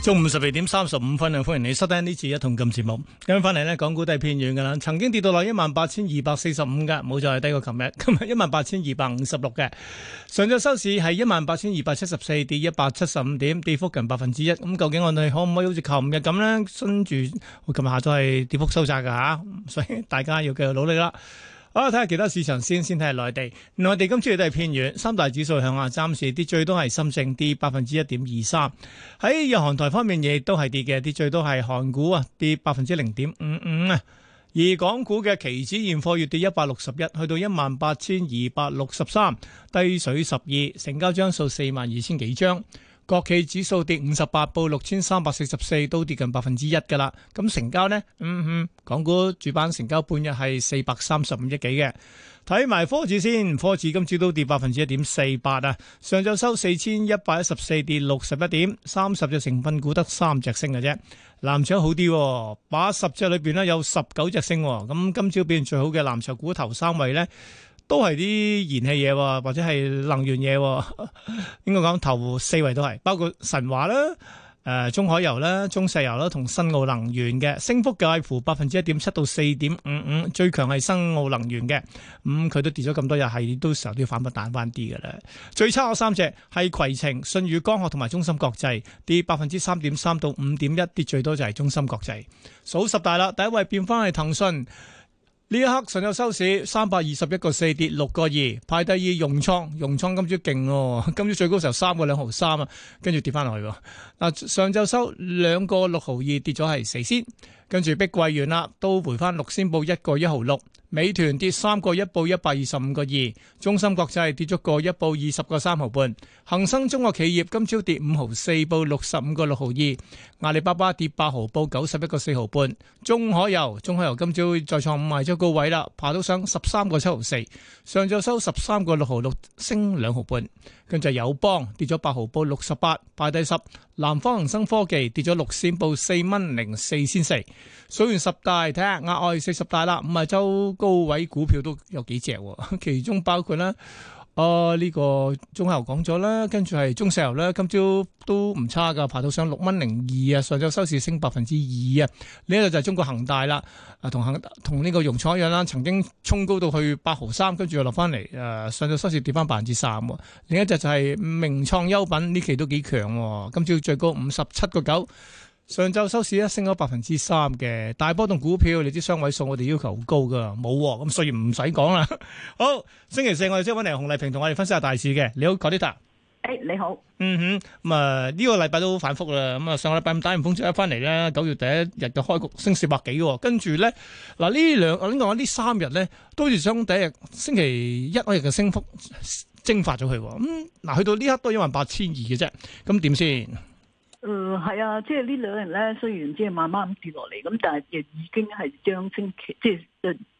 中午十二點三十五分，又歡迎你收聽呢次一同咁節目。今日翻嚟呢，港股都係偏軟噶啦，曾經跌到落一萬八千二百四十五噶，冇再係低過琴日。今日一萬八千二百五十六嘅，上晝收市係一萬八千二百七十四，跌一百七十五點，跌幅近百分之一。咁究竟我哋可唔可以好似琴日咁呢？跟住我琴日下晝係跌幅收窄噶吓，啊，所以大家要繼續努力啦。好，睇下其他市場先，先睇下內地。內地今次亦都係偏軟，三大指數向下暫時跌，最多係深成跌百分之一點二三。喺日韓台方面亦都係跌嘅，跌最多係韓股啊跌百分之零點五五啊。而港股嘅期指現貨月跌一百六十一，去到一萬八千二百六十三，低水十二，成交張數四萬二千幾張。國企指數跌五十八，報六千三百四十四，都跌近百分之一噶啦。咁成交呢，嗯哼，港股主板成交半日係四百三十五億幾嘅。睇埋科指先，科指今朝都跌百分之一點四八啊。上晝收四千一百一十四，跌六十一點，三十隻成分股得三隻升嘅啫。藍籌好啲、哦，八十隻裏邊呢有十九隻升。咁今朝表現最好嘅藍籌股頭三位呢。都係啲燃氣嘢，或者係能源嘢， 應該講頭四位都係，包括神華啦、誒、呃、中海油啦、中石油啦同新奧能源嘅，升幅介乎百分之一點七到四點五五，最強係新奧能源嘅，咁、嗯、佢都跌咗咁多日，係都時候都要反彈翻啲嘅啦。最差嗰三隻係攜程、信宇光學同埋中芯國際，跌百分之三點三到五點一，跌最多就係中芯國際。數十大啦，第一位變翻係騰訊。呢一刻上晝收市三百二十一個四，跌六個二，派第二融創，融創今朝勁哦，今朝最高時候三個兩毫三啊，跟住，跌翻落去嗱，上晝收兩個六毫二，跌咗係四仙。跟住碧桂園啦，都回翻六仙報一個一毫六。美團跌三個一報一百二十五個二。中芯國際跌咗個一報二十個三毫半。恒生中國企業今朝跌五毫四報六十五個六毫二。阿里巴巴跌八毫報九十一個四毫半。中海油，中海油今朝再創五賣咗高位啦，爬到上十三個七毫四。上晝收十三個六毫六，升兩毫半。跟住友邦跌咗八毫報六十八，排第十。南方恒生科技跌咗六線，報四蚊零四仙四。數完十大，睇下額外四十大啦，五啊周高位股票都有幾隻，其中包括啦。啊！呢、哦這個中，中石油講咗啦，跟住係中石油咧，今朝都唔差噶，排到上六蚊零二啊，上晝收市升百分之二啊。另一隻就係中國恒大啦，啊，同恒同呢個融創一樣啦，曾經衝高到去八毫三，跟住又落翻嚟，誒、呃，上晝收市跌翻百分之三喎。另一隻就係名創優品，呢期都幾強喎，今朝最高五十七個九。上晝收市一升咗百分之三嘅大波動股票，你知雙位數我哋要求好高噶，冇咁所以唔使講啦。好，星期四我哋即刻搵嚟熊麗萍同我哋分析下大市嘅，你好，葛啲達，誒，你好，嗯哼，咁啊呢個禮拜都好反覆啦，咁啊上個禮拜五打完風出一翻嚟咧，九月第一日嘅開局升四百幾，跟住咧嗱呢兩我呢個話呢三日咧都好似將第一日星期一嗰日嘅升幅蒸發咗去，哦，咁嗱去到呢刻都一萬八千二嘅啫，咁點先？誒，係、嗯、啊，即係呢兩日咧，雖然即係慢慢咁跌落嚟，咁但係亦已經係將星期，即係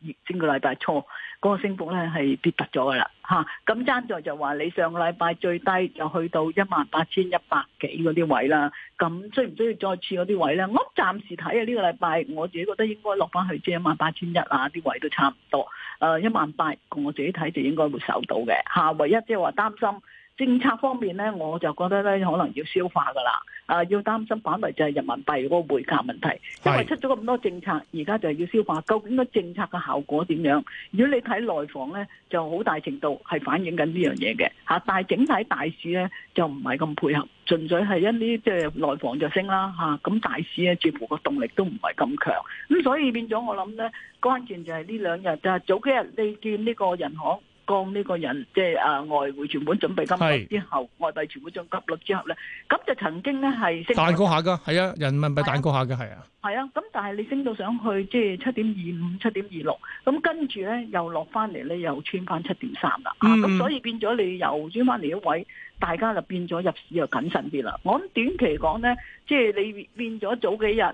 二整個禮拜初嗰、那個升幅咧係跌突咗噶啦，吓咁爭在就話你上個禮拜最低就去到一萬八千一百幾嗰啲位啦，咁需唔需要再次嗰啲位咧？我暫時睇啊，呢、這個禮拜我自己覺得應該落翻去即係一萬八千一啊啲位都差唔多，誒一萬八，18, 000, 我自己睇就應該會守到嘅，吓、啊、唯一即係話擔心。政策方面咧，我就覺得咧，可能要消化噶啦，啊，要擔心反為就係人民幣嗰個匯價問題，因為出咗咁多政策，而家就係要消化，究竟個政策嘅效果點樣？如果你睇內房咧，就好大程度係反映緊呢樣嘢嘅嚇，但係整體大市咧就唔係咁配合，純粹係一啲即係內房就升啦嚇，咁、啊、大市咧似乎個動力都唔係咁強，咁所以變咗我諗咧，關鍵就係呢兩日就係、早幾日你見呢個人行。降呢個人即係啊、呃、外匯存款準備金率之後，是外幣存款準備金率之後咧，咁就曾經咧係升過下㗎，係啊，人民幣彈過下嘅，係啊，係啊，咁但係你升到上去即係七點二五、七點二六，咁跟住咧又落翻嚟咧又穿翻七點三啦，咁、嗯啊、所以變咗你又穿翻嚟一位，大家就變咗入市又謹慎啲啦。我諗短期嚟講咧，即係你變咗早幾日。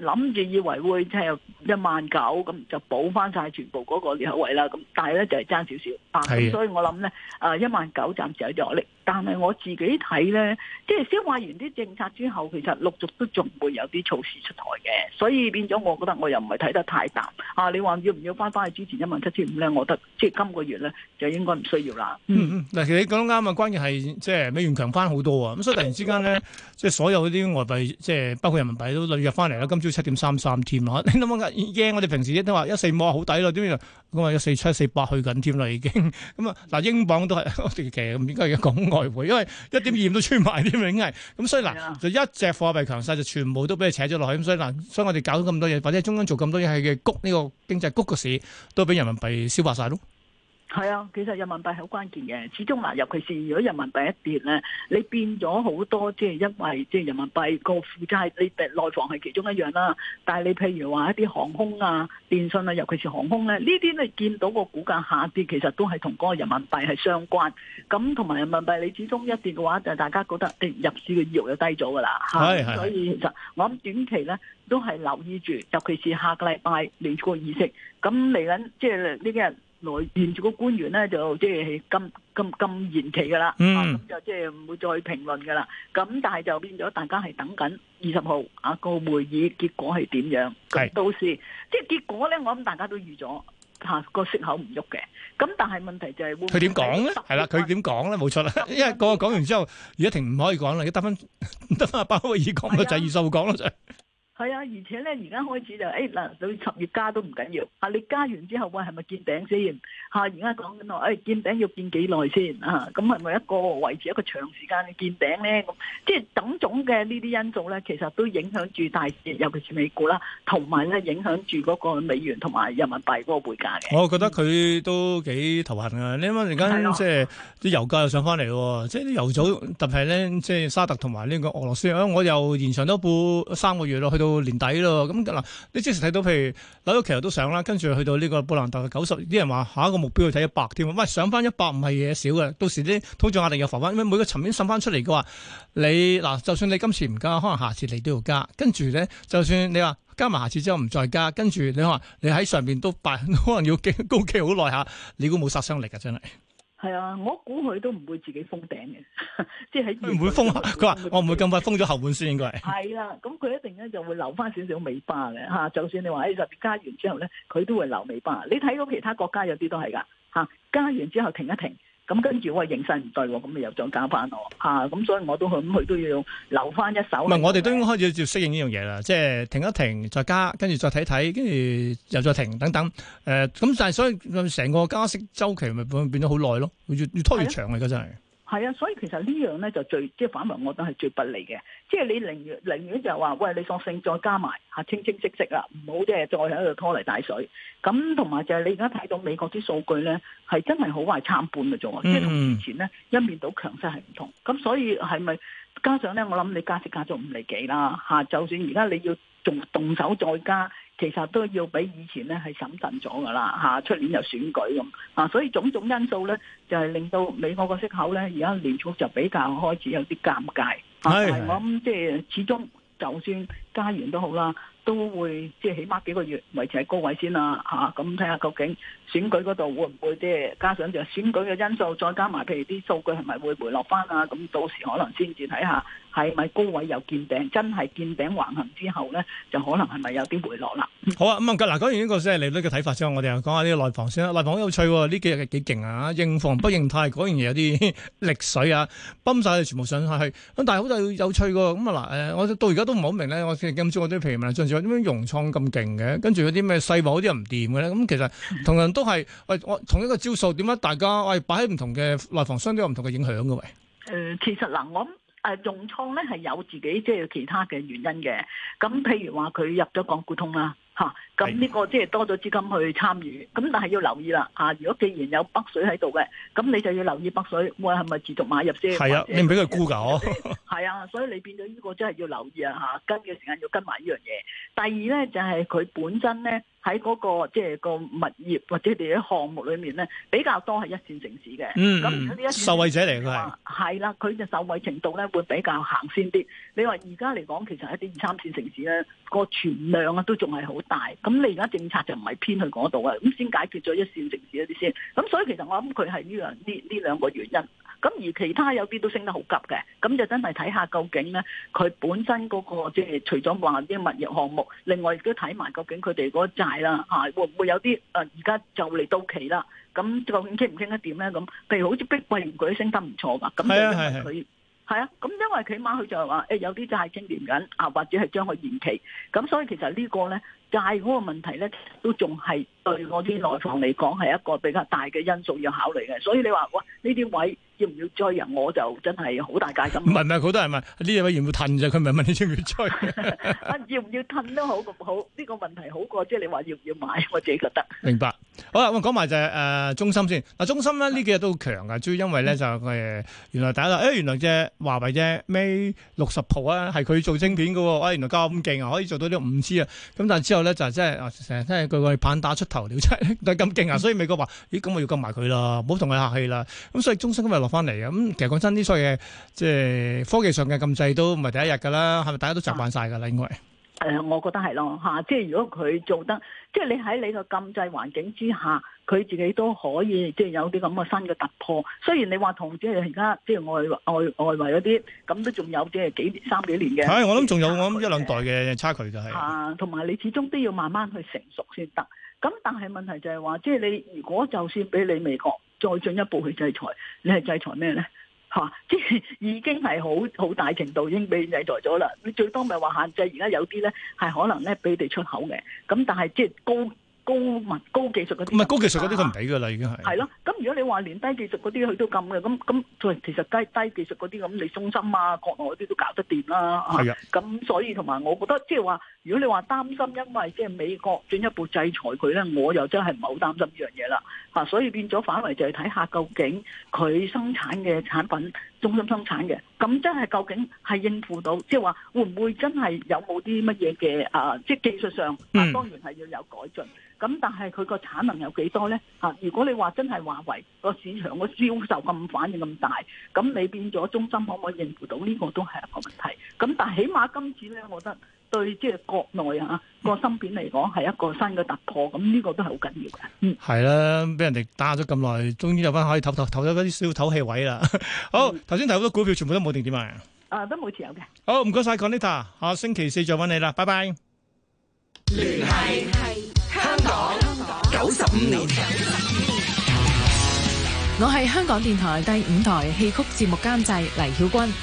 諗住以為會即係有一萬九，咁就補翻晒全部嗰個位啦，咁，但係咧就係爭少少啊，咁的所以我諗咧啊，一萬九暫時有啲壓力。但係我自己睇咧，即係消化完啲政策之後，其實陸續都仲會有啲措施出台嘅，所以變咗我覺得我又唔係睇得太淡啊！你話要唔要翻翻去之前一萬七千五咧？我覺得即係今個月咧就應該唔需要啦。嗯，嗱，其實你講得啱啊！關鍵係即係美元強翻好多啊！咁所以突然之間咧，即係所有嗰啲外幣，即係包括人民幣都弱翻嚟啦。今朝七點三三添啦，你諗唔諗？驚！我哋平時都話一四五啊，好抵咯，點解又咁話一四七、一四八去緊添啦？已經咁啊！嗱，英鎊都係我哋，其實咁應該要講。外匯，因為一點污都出埋啲，咪已經係咁，所以嗱，Yeah. 就一隻貨幣強勢就全部都俾佢扯咗落去，咁所以嗱，所以我哋搞咗咁多嘢，或者中間做咁多嘢，係嘅谷呢、呢個經濟谷嘅市都俾人民幣消化晒咯。係啊，其實人民幣係好關鍵嘅，始終嗱，尤其是如果人民幣一跌咧，你變咗好多，即係因為即係人民幣個負債，你內房係其中一樣啦。但係你譬如話一啲航空啊、電信啊，尤其是航空咧，呢啲你見到個股價下跌，其實都係同嗰個人民幣係相關。咁同埋人民幣，你始終一跌嘅話，就大家覺得誒、哎，入市嘅意欲又低咗噶啦。係是是、啊、所以其實我諗短期咧，都係留意住，尤其是下個禮拜你個議息。咁嚟緊即係呢啲人。來連住個官員咧，就即係咁咁咁延期㗎啦，咁就即係唔會再評論㗎啦。咁但係就變咗大家係等緊二十號啊個會議結果係點樣？係到時即係結果咧，我諗大家都預咗，下個息口唔喐嘅。咁但係問題就係，佢點講咧？係啦，佢點講咧？冇錯啦，因為個個講完之後，而家停唔可以講啦，你得翻得翻鮑威爾講就係二十號講咯就。係啊，而且咧，而家開始就，誒嗱，到十月加都唔緊要，嚇你加完之後，喂，係咪見頂先？嚇，而家講緊話，誒見頂要見幾耐先？嚇，咁係咪一個維持一個長時間嘅見頂咧？咁即係種種嘅呢啲因素咧，其實都影響住大市，尤其是美股啦，同埋咧影響住嗰個美元同埋人民幣嗰個匯價嘅。我覺得佢都幾頭痕啊！你諗下，而家即係啲油價又上翻嚟喎，即係油早特別咧，即係沙特同埋呢個俄羅斯，嚇我又延長多半三個月咯，去到。年底咯，咁嗱，你即時睇到，譬如紐約期油都上啦，跟住去到呢個布蘭特嘅九十，啲人話下一個目標要睇一百添喂，上翻一百唔係嘢少嘅，到時啲通脹壓力又浮翻，因為每個層面滲翻出嚟嘅話，你嗱就算你今次唔加，可能下次你都要加，跟住咧，就算你話加埋下次之後唔再加，跟住你話你喺上邊都擺，可能要高企好耐下你估冇殺傷力啊，真係。係啊，我估佢都唔會自己封頂嘅， 即係喺。佢唔會封，佢話說我唔會咁快封咗後半段，應該係。係啦、啊，咁佢一定咧就會留翻少少尾巴嘅嚇、啊。就算你話誒入加完之後咧，佢都會留尾巴。你睇到其他國家有啲都係噶嚇，加完之後停一停。咁跟住我形勢唔對，咁咪又再加翻我吓，咁、啊、所以我都諗佢都要留翻一手。唔係，我哋都應該開始要適應呢樣嘢啦，即係停一停，再加，跟住再睇睇，跟住又再停等等。誒、呃，咁但係所以成個加息週期咪變變咗好耐咯，越越拖越長嘅、啊、真係。係啊，所以其實呢樣咧就最即係反為，我覺得係最不利嘅。即係你寧願寧願就係話，喂，你索性再加埋嚇，清清晰晰啦，唔好即係再喺度拖泥帶水。咁同埋就係你而家睇到美國啲數據咧，係真係好壞參半嘅啫。即係同以前咧一面倒強勢係唔同。咁所以係咪加上咧？我諗你加息加咗五厘幾啦嚇。就算而家你要仲動手再加。其實都要比以前咧係審慎咗㗎啦嚇，出、啊、年又選舉咁啊，所以種種因素咧就係、是、令到美國個息口咧而家聯儲局就比較開始有啲尷尬。係、啊，我諗即係始終就算加完都好啦，都會即係起碼幾個月維持喺高位先啦嚇。咁睇下究竟選舉嗰度會唔會即係加上就選舉嘅因素，再加埋譬如啲數據係咪會回落翻啊？咁、嗯、到時可能先至睇下。係咪高位又見頂？真係見頂橫行之後咧，就可能係咪有啲回落啦？好啊，咁啊嗱，講完呢個即係你呢個睇法之後，我哋又講下呢個內房先啦。內房好有趣，呢幾日幾勁啊！認房不認貸，嗰樣嘢有啲力水啊，泵晒，全部上晒去。咁但係好就有趣喎。咁啊嗱，誒，我到而家都唔係好明咧。我今朝我對譬如進住點樣融創咁勁嘅？跟住嗰啲咩世茂嗰啲又唔掂嘅咧？咁其實同樣都係，喂，我同一個招數，點解大家喂擺喺唔同嘅內房商都有唔同嘅影響嘅？喂，誒，其實嗱，我。誒融、啊、創咧係有自己即係其他嘅原因嘅，咁譬如話佢入咗港股通啦，嚇。咁呢個即係多咗資金去參與，咁但係要留意啦，啊！如果既然有北水喺度嘅，咁你就要留意北水，會係咪持續買入先？係啊，你唔俾佢沽噶？係啊，所以你變咗呢個即係要留意啊，吓跟嘅時間要跟埋呢樣嘢。第二咧就係佢本身咧喺嗰個即係個物業或者佢哋啲項目裏面咧，比較多係一線城市嘅。嗯，咁如果呢一受惠者嚟嘅係係啦，佢嘅受惠程度咧會比較行先啲。你話而家嚟講，其實一啲二三線城市咧個存量啊都仲係好大。咁你而家政策就唔係偏去嗰度啊，咁先解決咗一線城市一啲先，咁所以其實我諗佢係呢樣呢呢兩個原因，咁而其他有啲都升得好急嘅，咁就真係睇下究竟咧，佢本身嗰、那個即係除咗話啲物業項目，另外亦都睇埋究竟佢哋嗰個債啦，嚇、啊、會唔會有啲誒而家就嚟到期啦，咁究竟傾唔傾得掂咧？咁譬如好似碧桂園佢都升得唔錯㗎，咁、啊、就因為佢。係啊，咁因為起碼佢就係話，誒、欸、有啲債清掂緊啊，或者係將佢延期，咁所以其實個呢個咧債嗰個問題咧，都仲係對我啲內房嚟講係一個比較大嘅因素要考慮嘅，所以你話哇呢啲位。要唔要追啊？我就真係好大戒心。唔係唔係，佢都係問呢嘢，要唔要褪啫？佢唔係問你要唔要追啊。 要唔要褪都好咁好，呢、這個問題好過即係你話要唔要買？我自己覺得明白。好啦，我講埋就係誒，中芯先嗱，中芯咧呢幾日都強噶，主要因為咧就係原來大家、哎、原來隻華為啫，尾六十 pro 啊，係佢做晶片噶喎，原來咁勁啊，可以做到呢五 G 啊。咁但係之後咧就真、是、係，我成日聽佢佢棒打出頭了，真係咁勁啊！所以美國話，咦，咁我要撳埋佢啦，唔好同佢客氣啦。咁所以中芯。落翻嚟嘅咁，其實講真啲，所以即係科技上嘅禁制都唔係第一日噶啦，係咪大家都習慣晒噶啦？應該誒、啊，我覺得係咯吓，即係如果佢做得，即係你喺你個禁制環境之下，佢自己都可以即係有啲咁嘅新嘅突破。雖然你話同即係而家即係外外外圍嗰啲，咁都仲有即係幾三幾年嘅。係，我諗仲有我諗一兩代嘅差距就係、是、吓，同埋、啊、你始終都要慢慢去成熟先得。咁但係問題就係、是、話，即係你，你如果就算俾你美國。再進一步去制裁，你係制裁咩咧？嚇、啊，即係已經係好好大程度已經被制裁咗啦。你最多咪話限制，而家有啲咧係可能咧俾你哋出口嘅，咁但係即係高。高物高技術嗰啲，唔係、啊、高技術嗰啲佢唔俾噶啦，已經係。係咯的，咁的如果你話連低技術嗰啲佢都禁嘅，咁咁，其實低低技術嗰啲咁，你中芯啊、國內嗰啲都搞得掂啦。係啊，咁的、啊、所以同埋我覺得，即係話如果你話擔心，因為即係美國進一步制裁佢咧，我又真係唔係好擔心呢樣嘢啦。啊，所以變咗反為就係睇下究竟佢生產嘅產品。中芯生產嘅，咁即係究竟係應付到，即係話會唔會真係有冇啲乜嘢嘅啊？即係技術上，當然係要有改進。咁但係佢個產能有幾多咧？啊，如果你話真係華為個市場個銷售咁反應咁大，咁你變咗中芯可唔可以應付到？呢個都係一個問題。咁但係起碼今次咧，我覺得。對，即係國內啊個芯片嚟講，係一個新嘅突破，咁呢個都係好緊要嘅。嗯，係啦，俾人哋打壓咗咁耐，終於有翻可以唞唞，唞咗嗰啲小唞氣位啦。好，頭先睇，好多股票，全部都冇定點啊？啊，都冇持有嘅。好，唔該晒，Conita，下星期四再揾你啦，拜拜。聯繫香港九十五年，我係香港電台第五台戲曲節目監製黎曉君。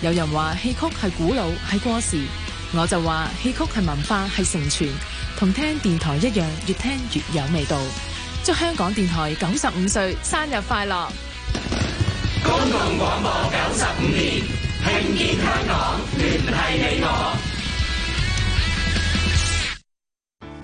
有人話，戲曲係古老，係過時。我就話，戲曲係文化，係承傳，同聽電台一樣，越聽越有味道。祝香港電台九十五歲生日快樂！公共廣播九十五年，聽見香港，聯繫你我。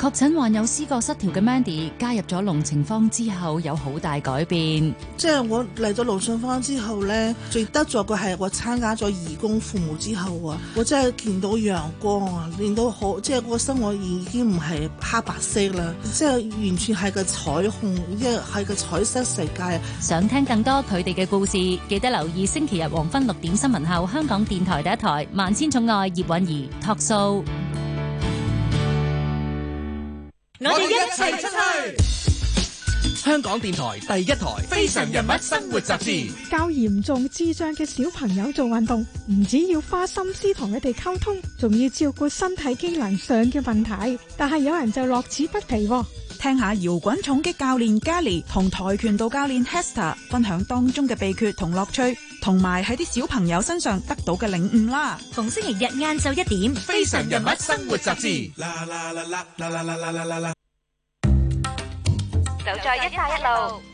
確診患有思覺失調嘅 Mandy 加入咗龍情坊之後有好大改變，即係我嚟咗龍情坊之後咧，最得着嘅係我參加咗義工服務之後啊，我真係見到陽光啊，見到好即係個生活已經唔係黑白色啦，即係完全係個彩虹一係個彩色世界。想聽更多佢哋嘅故事，記得留意星期日黃昏六點新聞後，香港電台第一台《萬千寵愛葉蘊儀》托數。我哋一齊出去。香港電台第一台《非常人物生活雜誌》教嚴重智障嘅小朋友做運動，唔止要花心思同佢哋溝通，仲要照顧身體機能上嘅問題。但係有人就樂此不疲喎。聽下搖滾重擊教練 Gali 同跆拳道教練 Hester 分享當中嘅秘訣同樂趣，同埋喺啲小朋友身上得到嘅領悟啦。逢星期日晏晝一點，非常人物生活雜誌。走在一帶一路。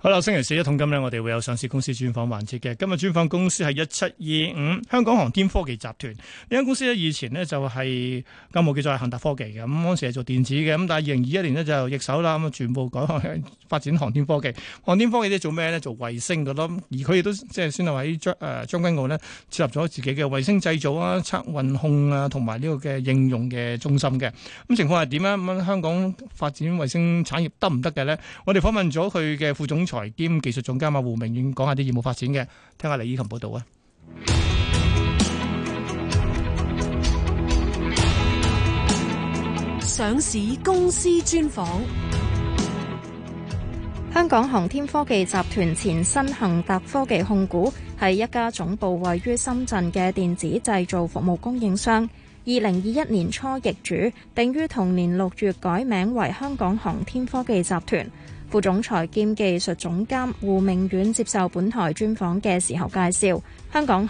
好啦，星期四一桶金咧，我哋會有上市公司專訪環節嘅。今日專訪公司係一七二五香港航天科技集團，呢間公司咧，以前呢就係金茂叫做係恒達科技嘅，咁當時係做電子嘅，咁但係二零二一年呢就易手啦，咁啊全部改發展航天科技。航天科技都做咩咧？做衛星嘅咯，而佢亦都即係先係喺誒將軍澳呢設立咗自己嘅衛星製造啊、測運控啊同埋呢個嘅應用嘅中心嘅。咁情況係點樣？咁香港發展衛星產業得唔得嘅咧？我哋訪問咗佢嘅副總。財兼技術總監嘛，胡明遠講下啲業務發展嘅，聽下李依琴報道啊。上市公司專訪，香港航天科技集團前新恒達科技控股係一家總部位於深圳嘅電子製造服務供應商。二零二一年初易主，定於同年六月改名為香港航天科技集團。副總裁兼技術總監胡明遠接受本台專訪嘅時候介紹，香港。